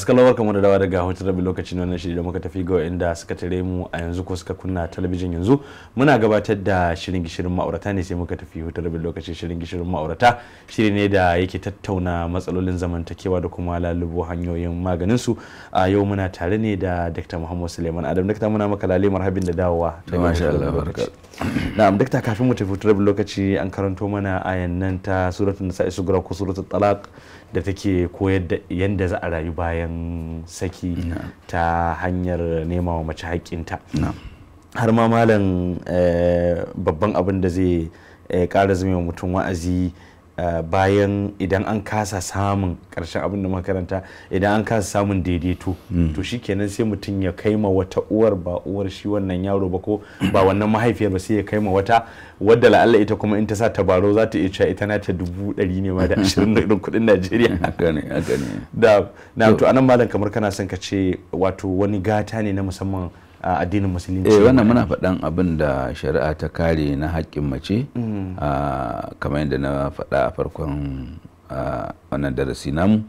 masu kallon kamar da dawa daga hutun rabin lokacin wannan shiri da muka tafi ga inda suka tare mu a yanzu ko suka kunna talabijin yanzu muna gabatar da shirin gishirin ma'aurata ne sai muka tafi hutun rabin lokacin shirin gishirin ma'aurata shiri ne da yake tattauna matsalolin zamantakewa da kuma lalubo hanyoyin maganin su a yau muna tare ne da Dr. Muhammad Suleiman Adam Dr. muna maka lale marhabin da dawowa ta Na'am Dr. kafin mu tafi hutun lokaci an karanto mana ayan nan ta suratun nisa'i sugura ko suratul talaq da take koyar da yadda za a rayu bayan saki ta hanyar nema wa mace haƙƙinta har ma malam eh, babban abin da zai eh, ƙara zama mutum wa'azi Eh, bayan idan an kasa samun karshen abin da makaranta idan an kasa samun daidaito hmm. to shikenan sai mutum ya kai ma wata uwar ba uwar shi wannan yaro ba ko ba wannan mahaifiyar ba sai ya kai ma wata wadda la'alla ita kuma in ta sa tabaro za ta iya cewa ita ta dubu ɗari ne ma da ashirin da kuɗin najeriya da na to anan malam kamar kana son ka ce wato wani gata ne na musamman a addinin musulunci eh wannan muna faɗan abin da shari'a ta kare na haƙƙin mace mm. ah, kamar yadda na faɗa a farkon ah, wannan darasi namu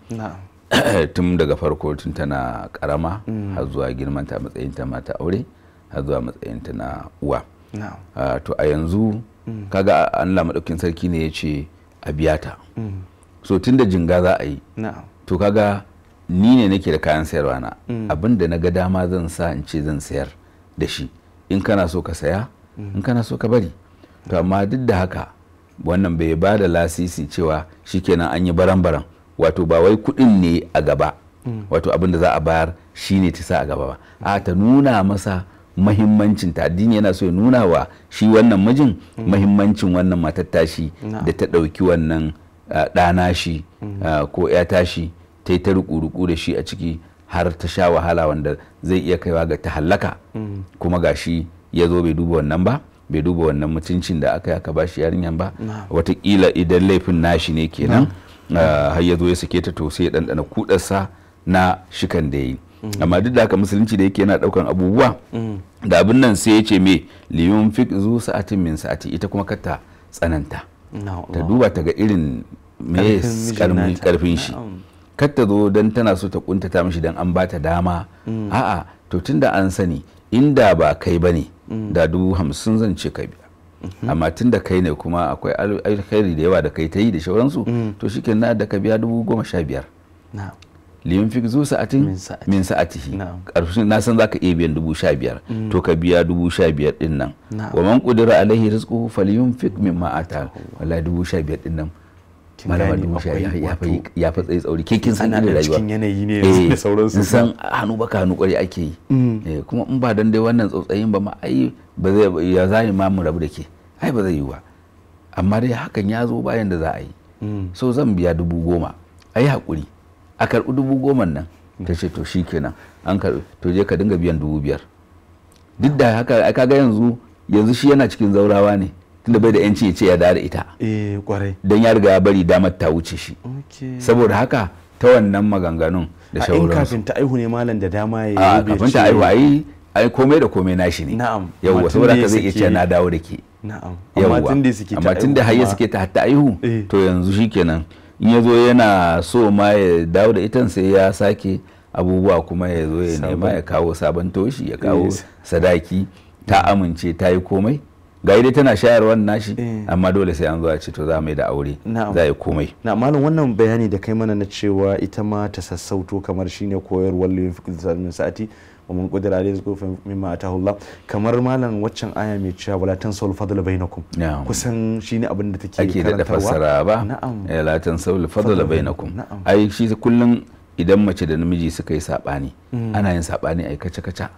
tun daga farko tun tana karama mm. har zuwa girman ta matsayin ta mata aure har zuwa matsayin ta na uwa ah, to a yanzu mm. kaga Allah madaukin sarki ne ya ce a biya ta so tun da jinga za a yi to kaga ni ne nake da kayan sayarwa na mm. abin da na ga dama zan sa in ce zan sayar da shi in kana so ka saya mm. in kana so ka bari to amma duk da haka wannan bai ba da lasisi cewa shikenan an yi baran-baran wato ba wai kuɗin ne a gaba mm. wato abin da za a bayar shi ne ta sa a gaba ba a ta nuna masa mahimmancin ta addini yana so ya nuna wa shi wannan mijin mahimmancin wannan matattashi da ta ɗauki wannan ah, ɗana shi ah, ko ya tashi ta yi ta ruku da shi a ciki har ta sha wahala wanda zai iya kaiwa ga ta hallaka kuma shi ya zo bai duba wannan ba bai duba wannan mutuncin da aka yi aka bashi yarinyar ba Wataƙila idan laifin nashi ne kenan ah, har ya zo ya sake ta to sai ya ɗanɗana kudarsa na shikan da ya yi mm. amma duk da haka musulunci da yake yana ɗaukan abubuwa mm. da abin nan sai ya ce me liyun fik zu sa'atin min sa'ati ita kuma kata tsananta ta duba ta ga irin me karfin shi katta ta zo don tana so ta kuntata mishi don an bata dama mm. a'a to tunda an sani inda ba kai ba ne mm. da dubu hamsin zan ce ka biya mhm. amma tunda kai ne kuma akwai alkhairi da yawa da kai ta yi da shauransu mm. to shike na da ka biya dubu goma sha biyar limin fi zu sa'atin min shi karfin na san ka iya biyan dubu sha biyar to ka biya dubu sha biyar din nan wa man qudira alaihi rizquhu falyunfik mimma ata wala dubu sha biyar din nan malamar dubu sha ya fi tsaye tsauri ke kin san da rayuwa cikin yanayi ne eh, da sauransu san hannu baka hannu kwarai ake yi mm. eh, kuma in ba dan dai wannan tsautsayin ba ma ai ba zai ya zai ma mu rabu da ke ai ba zai yi ba amma dai hakan ya zo bayan da za a yi mm. so zan biya dubu goma a yi hakuri a karɓi dubu goma nan mm. ta ce to shikenan an karɓi to je ka dinga biyan dubu biyar duk da haka ka ga yanzu yanzu shi yana cikin zaurawa ne tunda bai da yanci ya ce ya da ita don eh, kwarai ya riga ya bari damar ta wuce shi saboda haka ta wannan maganganun da shawararsu a in kafin ta aihu ne malam da dama ya yi kafin ta aihu ayi ai komai da komai nashi ne na'am yawwa saboda ka zai iya ce na dawo da ke na'am amma tunda suke ta amma tunda har suke ta hatta aihu eh. to yanzu shikenan in ya zo yana so ma ya dawo da itan sai ya sake abubuwa kuma ya zo ya nema ya kawo sabon toshi ya kawo sadaki ta amince ta yi komai ga dai tana shayarwar nashi eh. amma dole sai an zo a ce to za mu yi da aure za yi komai na malam wannan bayani da kai mana na cewa ita ma ta sassauto kamar shine koyarwar lilin fiqh sa'ati wa mun kudura da rizqu fa mimma atahu Allah kamar malam waccan aya mai cewa wala tansul fadl bainakum kusan shine abin da take karantarwa ake da fassara ba eh, la tansul fadl bainakum ai shi kullun idan mace da namiji suka yi saɓani mm. ana yin saɓani a yi kaca-kaca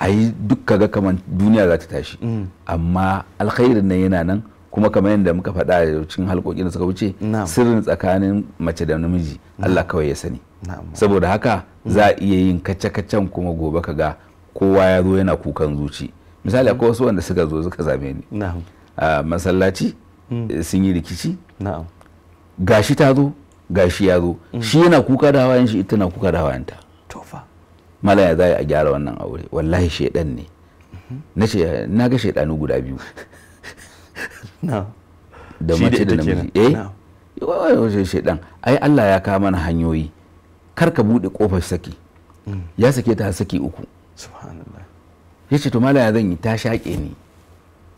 a yi duk kaga kamar duniya za ta tashi mm. amma alkhairin nan yana nan kuma kamar yadda muka faɗa a cikin halkokin da suka wuce sirrin tsakanin mace da namiji Allah kawai ya sani saboda haka mm. za a iya yin kaca kacan kuma gobe ka ga kowa ya zo yana kukan zuci misali akwai wasu wanda suka zo suka zame ni masallaci sun yi rikici gashi ta zo gashi ya zo shi yana kuka da hawayen shi ita na kuka da hawayen ta malaya za a gyara wannan aure wallahi shaidan ne na ce na ga shaidanu guda biyu da mace da namiji eh yawa shaidan ai Allah ya kawo mana hanyoyi kar ka bude kofar saki mm. ya sake ta saki uku subhanallah ya ce to malaya zan yi ta shaƙe ni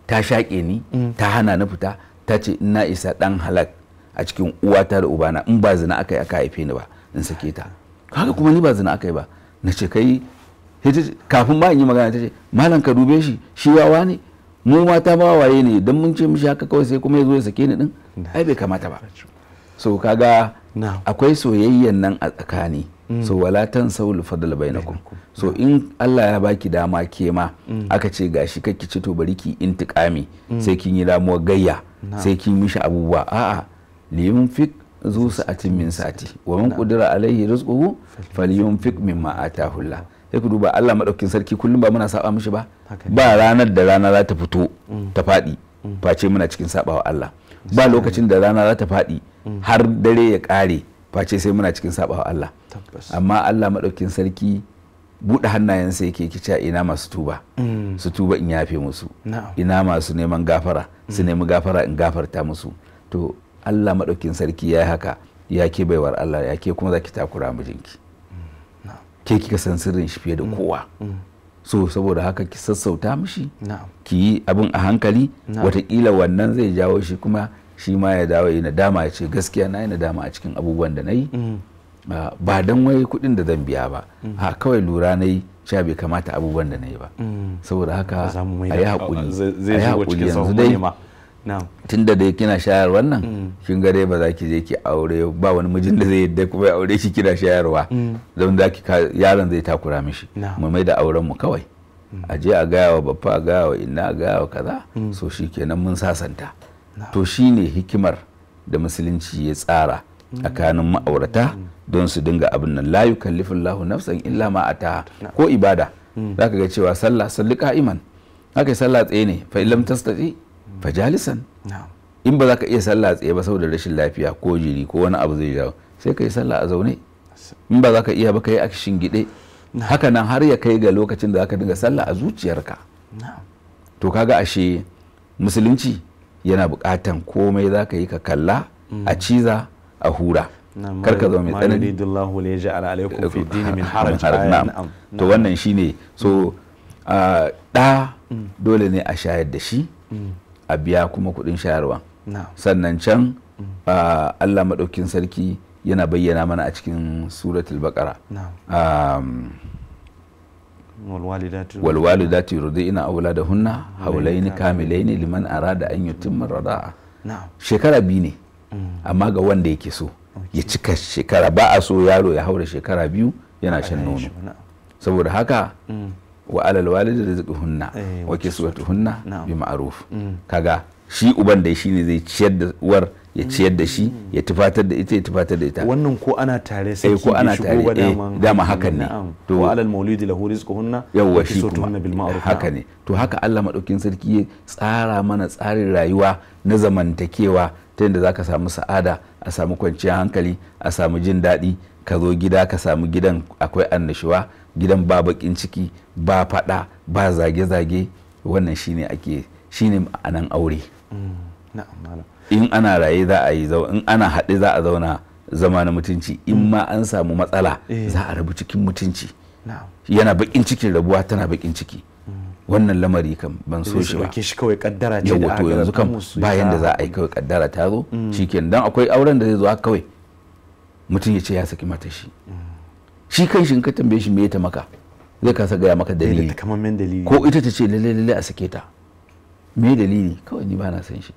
ta shaƙe ni mm. ta hana na fita ta ce ina isa dan halak a cikin uwata da ubana in ba zina aka yi aka haife ni ba in sake ta haka kuma ni ba zina aka yi ba na ce kai kafin ba in yi magana ta ce malam ka dube shi shi wawa ne mu mata ba waye ne dan mun ce mishi haka kawai sai kuma ya zo ya sake ni din ai bai kamata ba so kaga akwai soyayyan nan a tsakani mm. so wala tan saul fadl bainakum so in Allah ya baki dama ke ma mm. aka ce gashi kake ci to bariki ki intiqami mm. sai kin yi damuwa gayya sai kin mishi abubuwa a'a liyunfik zu sa'atin min sati wa man kudira alaihi rizquhu falyunfik mimma atahu Allah sai ku duba Allah madaukin sarki kullum ba muna saba mishi ba ba ranar da rana za ta fito mm. ta fadi mm. face muna cikin wa Allah ba lokacin da rana za ta fadi mm. har dare ya kare face sai muna cikin sabawa Allah amma Allah maɗaukin sarki buɗe hannayensa yake kica ina masu tuba su tuba in yafe musu ina masu neman gafara su nemi gafara in gafarta musu to Allah maɗaukin sarki ya yi haka ya ke baiwar Allah ya ke kuma za ki takura mijinki ke kika san sirrin shi fiye da mm. kowa mm. so saboda haka ki sassauta mishi ki yi abin a hankali watakila wannan zai jawo shi kuma shi ma ya dawo yi dama ya ce gaskiya na yi nadama a cikin abubuwan da na yi mm. ah, ba don wai kuɗin da zan biya ba ha kawai lura na yi bai kamata abubuwan da na yi ba saboda haka a yi haƙuri yanzu dai tun da dai kina shayarwa nan mm. kin ga dai ba za ki je ki aure ba wani mijin da zai yadda kuma aure shi kina shayarwa mm. don za ki yaron zai takura mishi mu mai da auren mu kawai mm. a je a gaya wa baffa a gaya wa inna a gaya wa kaza so kenan mun sasanta to shine hikimar da musulunci ya tsara tsakanin ma'aurata don su dinga abin nan la yukallifin lahu nafsan illa ma ata ko ibada zaka ga cewa sallah sallu ka'iman haka sallah tsaye ne fa illam tastati fajalisan in ba za ka iya sallah tsaye ba saboda rashin lafiya ko jiri ko wani abu zai jawo sai ka yi sallah a zaune in ba za ka iya ba ka yi a gide haka nan har ya kai ga lokacin da za ka dinga sallah a zuciyarka to kaga ashe musulunci yana bukatan komai za ka yi ka kalla a mm. ciza a hura karka zama mai tsanani to wannan shine so mm. ɗa mm. dole ne a shayar da shi a biya kuma kuɗin shayarwa sannan can allah maɗaukin sarki yana bayyana mana a cikin suratul baqara والوالدات يرضين أولادهن حولين كاملين da anyi tun يتم الرضاعة shekara biyu ne mm. amma ga wanda yake so ya cika shekara ba a so yaro ya haura shekara biyu yana shan nono saboda haka mm. wa alal walidi hunna eh, wa hunna bi ma'ruf mm. kaga shi uban da shi ne zai ciyar da uwar ya mm. ciyar da shi ya tufatar da ita ya tufatar da ita wannan ko ana tare sai eh, ko ana tare eh, dama hakan ne to wa alal maulidi lahu rizquhunna yawwa shi kuma bil ma'ruf haka ne to haka Allah madaukin sarki ya tsara mana tsarin rayuwa na zamantakewa ta yadda za ka samu sa'ada a samu kwanciyar hankali a samu jin daɗi ka zo gida ka samu gidan akwai annashuwa gidan ba bakin ciki ba faɗa ba zage-zage wannan shine ake shine ma'anan aure mm, in ana raye za a yi in ana haɗe za a zauna zama na mutunci in ma an samu matsala eh. za a rabu cikin mutunci yana bakin cikin rabuwa tana bakin ciki wannan lamari kan ban so shi ba shi kawai kaddara ce da to yanzu kam bayan da za a yi kawai kaddara ta zo mm. shikenan dan akwai auren da zai zo haka kawai mutum ya ce ya saki mata shi mm. shi kan shi ka tambaye shi me ya ta maka zai kasa gaya maka dalili ko ita ta ce lalle lalle a sake ta me dalili kawai ni ba na san shi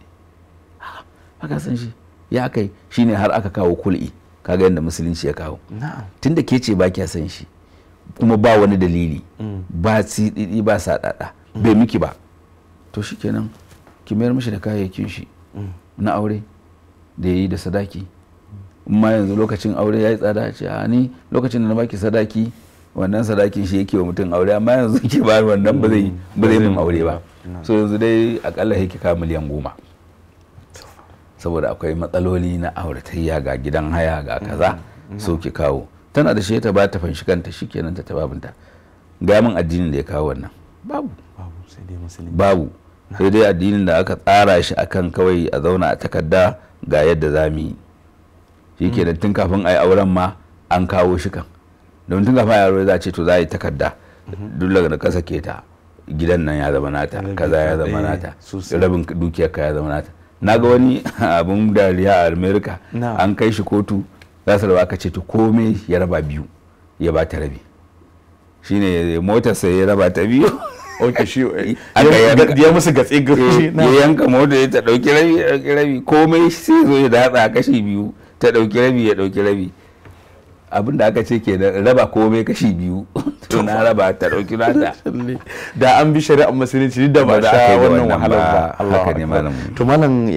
ba ka san shi ya kai shine har aka kawo kul'i kaga yadda musulunci ya kawo tunda ke ce ba kya san shi kuma ba wani dalili mm. ba tsiɗiɗi ba saɗaɗa mm. bai miki ba to shikenan ki mayar mishi da kayayyakin shi mm. na aure da ya yi da sadaki ma yanzu lokacin aure ya tsada ce a ah, ni lokacin da na baki sadaki wannan sadakin shi yake wa mutum aure amma yanzu ke ba wannan ba zai ba aure ba so yanzu dai akalla yake ka miliyan goma saboda akwai matsaloli na auratayya ga gidan haya ga kaza so ki kawo tana da shi ta ba ta fanshi kanta shikenan ta tababinta ga min addinin da ya kawo wannan babu babu sai dai musulmi babu sai dai addinin da aka tsara shi akan kawai a zauna a takarda ga yadda za mu yi shikenan hmm. tun kafin a yi auren ma an kawo shi kan don tun kafin a yi aure za a ce to za a yi takarda hmm. duk daga kasa ke ta gidan nan ya zama nata kaza ya zama nata rabin dukiyar ka ya zama nata na ga wani abun dariya a america an kai shi kotu za su raba aka ce to komai ya raba biyu ya ba ta rabi shine motar sai ya raba ta biyu Oke shi eh, ya musu gatsi eh, ya yanka mota ya ta dauki rabi ya dauki rabi komai sai zo ya datsa kashi biyu ta dauki rabi ya dauki rabi abin da aka ce ke da raba komai kashi biyu to na raba ta dauki nata da an bi shari'ar musulunci da ba da wannan wahalar ba haka ne malam to malam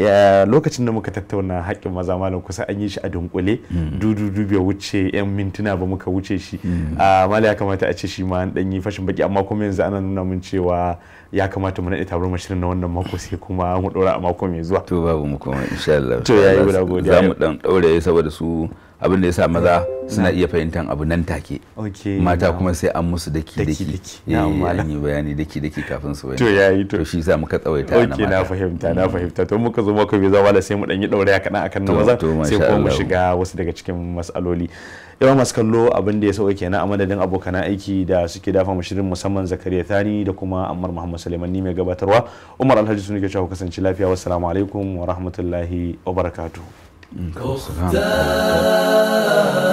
lokacin da muka tattauna haƙƙin maza malam kusa an yi shi a dunkule hmm. dudu dubiya wuce yan mintuna ba muka wuce shi hmm. ah, Mali ya kamata a ce shi ma an dan yi fashin baki amma kuma yanzu ana nuna mun cewa ya kamata mu naɗe tabar mashirin na wannan mako sai kuma mu ɗora a mako mai zuwa to babu mu kuma insha Allah to yayi guda za mu dan ɗaure saboda su abin da yasa maza suna iya fahimtar abu nan take mata kuma sai an musu daki daki ya yi bayani daki daki kafin su to yayi to shi mu muka tsawaita na mata na fahimta na mm. fahimta to muka zo muka bi zama da sai mu dan yi daure kaɗan akan na maza sai ko mu shiga wasu daga cikin masaloli yawan masu kallo abin da ya sauke kenan a madadin abokan aiki da suke dafa mu shirin musamman zakariya tani da kuma ammar muhammad suleiman ni mai gabatarwa umar alhaji sun ke cewa kasance lafiya wassalamu alaikum wa rahmatullahi wa barakatuh 嗯，可好看呢。